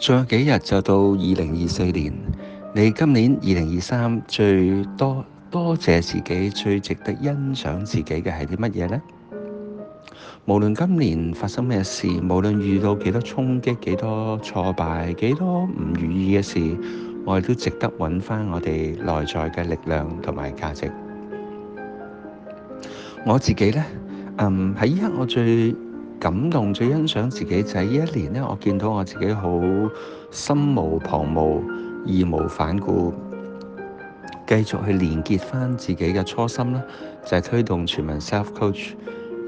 仲有幾日就到二零二四年，你今年二零二三最多多謝自己，最值得欣賞自己嘅係啲乜嘢呢？無論今年發生咩事，無論遇到幾多衝擊、幾多挫敗、幾多唔如意嘅事，我哋都值得揾翻我哋內在嘅力量同埋價值。我自己呢，嗯，喺呢一刻我最。感動最欣賞自己就係呢一年咧，我見到我自己好心無旁騖、義無反顧，繼續去連結翻自己嘅初心啦，就係推動全民 self coach。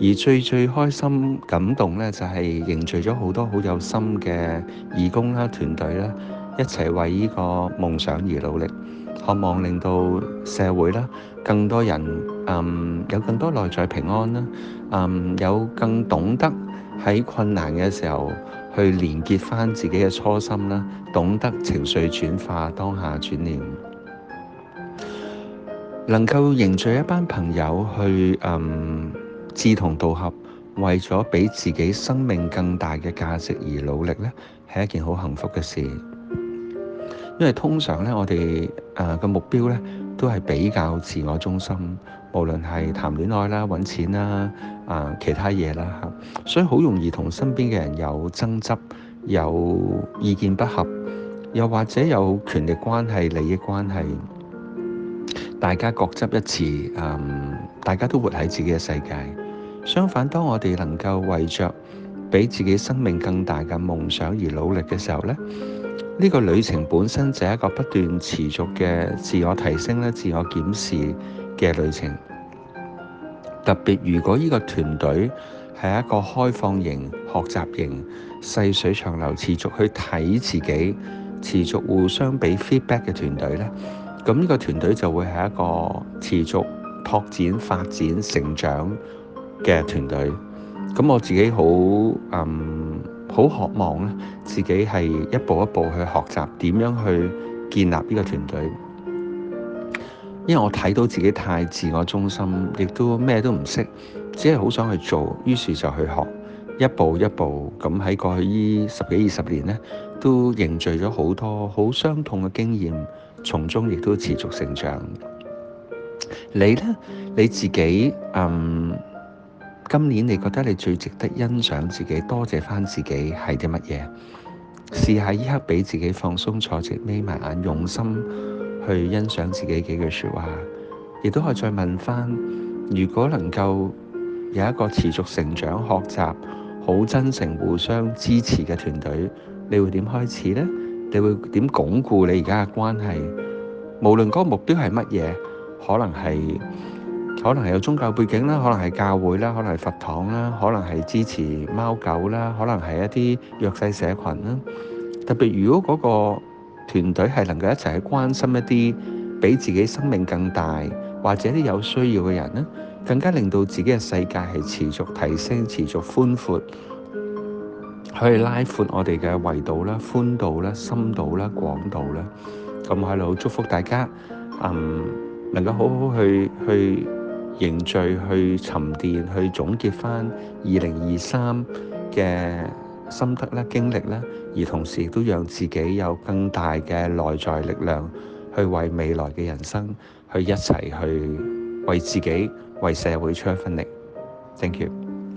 而最最開心感動咧，就係凝聚咗好多好有心嘅義工啦、團隊啦，一齊為呢個夢想而努力，渴望令到社會啦，更多人嗯有更多內在平安啦，嗯有更懂得。喺困難嘅時候，去連結返自己嘅初心啦，懂得情緒轉化、當下轉念，能夠凝聚一班朋友去，嗯，志同道合，為咗畀自己生命更大嘅價值而努力咧，係一件好幸福嘅事。因為通常咧，我哋誒個目標咧都係比較自我中心，無論係談戀愛啦、揾錢啦、啊其他嘢啦嚇，所以好容易同身邊嘅人有爭執、有意見不合，又或者有權力關係、利益關係，大家各執一詞。嗯，大家都活喺自己嘅世界。相反，當我哋能夠為着比自己生命更大嘅夢想而努力嘅時候咧。呢個旅程本身就係一個不斷持續嘅自我提升咧、自我檢視嘅旅程。特別如果呢個團隊係一個開放型、學習型、細水長流、持續去睇自己、持續互相俾 feedback 嘅團隊咧，咁呢個團隊就會係一個持續拓展、發展、成長嘅團隊。咁我自己好嗯。好渴望呢，自己係一步一步去學習點樣去建立呢個團隊，因為我睇到自己太自我中心，亦都咩都唔識，只係好想去做，於是就去學，一步一步咁喺過去呢十幾二十年呢，都凝聚咗好多好傷痛嘅經驗，從中亦都持續成長。你呢？你自己嗯？今年你覺得你最值得欣賞自己，多謝翻自己係啲乜嘢？試下依刻俾自己放鬆坐直，眯埋眼，用心去欣賞自己幾句説話。亦都可以再問翻：如果能夠有一個持續成長、學習、好真誠、互相支持嘅團隊，你會點開始呢？你會點鞏固你而家嘅關係？無論嗰個目標係乜嘢，可能係。可能係有宗教背景啦，可能係教會啦，可能係佛堂啦，可能係支持貓狗啦，可能係一啲弱勢社群啦。特別如果嗰個團隊係能夠一齊去關心一啲比自己生命更大或者啲有需要嘅人呢，更加令到自己嘅世界係持續提升、持續寬闊，去拉闊我哋嘅維度啦、寬度啦、深度啦、廣度啦。咁我喺度祝福大家，嗯，能夠好好去去凝聚去沉澱，去總結翻二零二三嘅心得啦經歷啦，而同時亦都讓自己有更大嘅內在力量，去為未來嘅人生去一齊去為自己、為社會出一份力。Thank you。